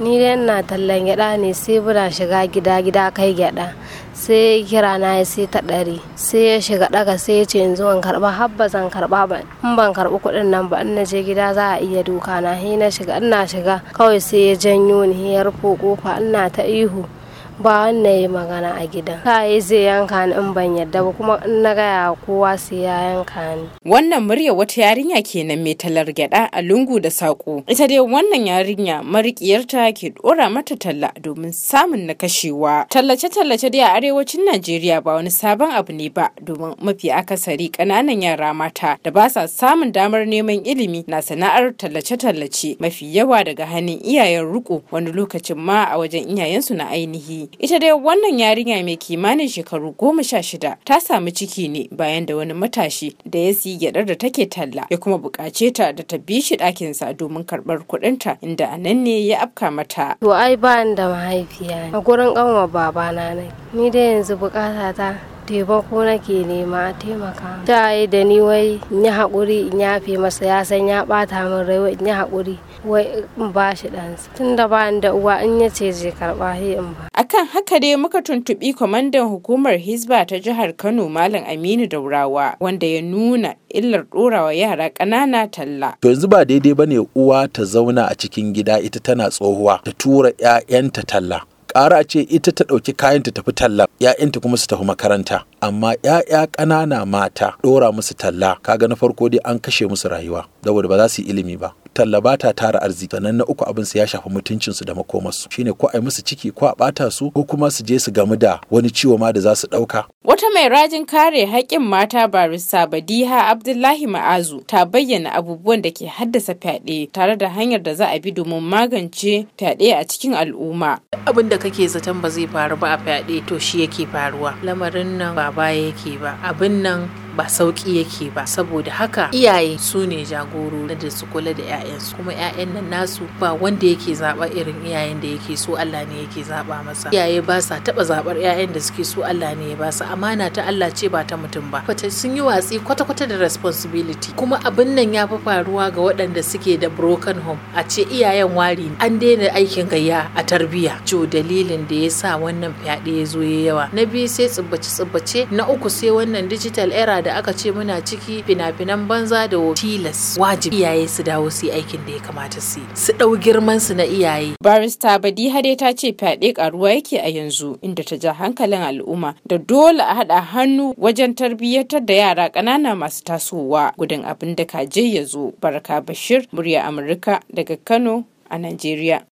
ni dai ina tallan gyada ne sai bura shiga gida gida kai gyada sai kira na ya sai ta ɗari sai ya shiga daga sai ya ce yanzu ban karba har zan karba ba in ban karbi kuɗin nan ba in na je gida za a iya duka na na shiga ina shiga kawai sai ya janyo ni ya rufo kofa ina ta ihu ba wanda yi magana a gidan yi zai yanka ni in ban yadda ba kuma in na gaya kowa sai ya yanka ni wannan murya wata yarinya kenan mai talar gyada a lungu da sako ita dai wannan yarinya marikiyarta ke dora mata talla domin samun na kashewa tallace tallace dai a arewacin najeriya ba wani sabon abu ne ba domin mafi akasari kananan yara mata da ba sa samun damar neman ilimi na sana'ar tallace-tallace mafi yawa daga hannun iyayen riko wani lokacin ma a wajen iyayensu na ainihi Ita dai wannan yarinya mai kimanin shekaru goma sha shida ta samu ciki ne bayan da wani matashi da ya siyi gyadar da take talla ya kuma bukace ta da ta bi shi ɗakinsa domin karɓar kuɗinta inda a nan ne ya afka mata. To ai ba da mahaifiya a gurin ƙanwa babana ne. Ni dai yanzu ta. taimako nake nema a taimaka ta yi da ni wai in yi haƙuri in yafe masa ya san ya ɓata min rai in yi haƙuri wai in ba shi ɗansa tun da ba da uwa in ya ce je karɓa he in ba. akan haka dai muka tuntuɓi kwamandan hukumar hizba ta jihar kano malam aminu daurawa wanda ya nuna illar ɗorawa yara ƙanana talla. to yanzu ba daidai ba ne uwa ta zauna a cikin gida ita tana tsohuwa ta tura 'ya'yanta talla ƙara ce ita ta ɗauki kayan ta tafi talla ‘ya'yanta kuma su tafi makaranta amma ‘ya'ya ƙanana mata ɗora musu talla kaga na farko dai an kashe musu rayuwa saboda ba za su yi ilimi ba talla ta tara arziki sannan na uku abin su ya shafi mutuncinsu da makomarsu shine ko a yi musu ciki ko a bata su ko kuma su je su gamu da wani ciwo ma da za su ɗauka. Wata mai rajin kare haƙƙin mata barista Badiha Abdullahi Ma'azu ta bayyana abubuwan da ke haddasa fyaɗe tare da hanyar da za a bi domin magance fyaɗe a cikin al'umma. Abin da kake zaton ba zai faru ba a fyaɗe to shi yake faruwa. Lamarin nan ba baya yake ba. Abin nan ba sauki yake ba saboda haka iyaye su ne jagoro da su kula da 'ya'yansu kuma 'ya'yan nan nasu ba wanda yake zaɓa irin iyayen da yake so Allah ne yake zaba masa iyaye ba sa taba zabar 'ya'yan da suke so Allah ne ya ba su amana ta Allah ce ba ta mutum ba kwata sun yi watsi kwata-kwata da responsibility kuma abin nan ya fi faruwa ga waɗanda suke da broken home a ce iyayen wari an daina aikin gayya a tarbiyya jo dalilin da ya sa wannan fyaɗe ya zo yawa na biyu sai tsubbace-tsubbace na uku sai wannan digital era da da aka ce muna ciki fina-finan banza da tilas wajibi iyaye su dawo su yi aikin da ya kamata su su ɗau girman su na iyaye. Barista Badi Hade ta ce fyaɗe karuwa yake a yanzu inda ta ja hankalin al'umma da dole a haɗa hannu wajen tarbiyyatar da yara ƙanana masu tasowa gudun abin da kaje ya zo. Barka Bashir, murya Amurka daga Kano a Najeriya.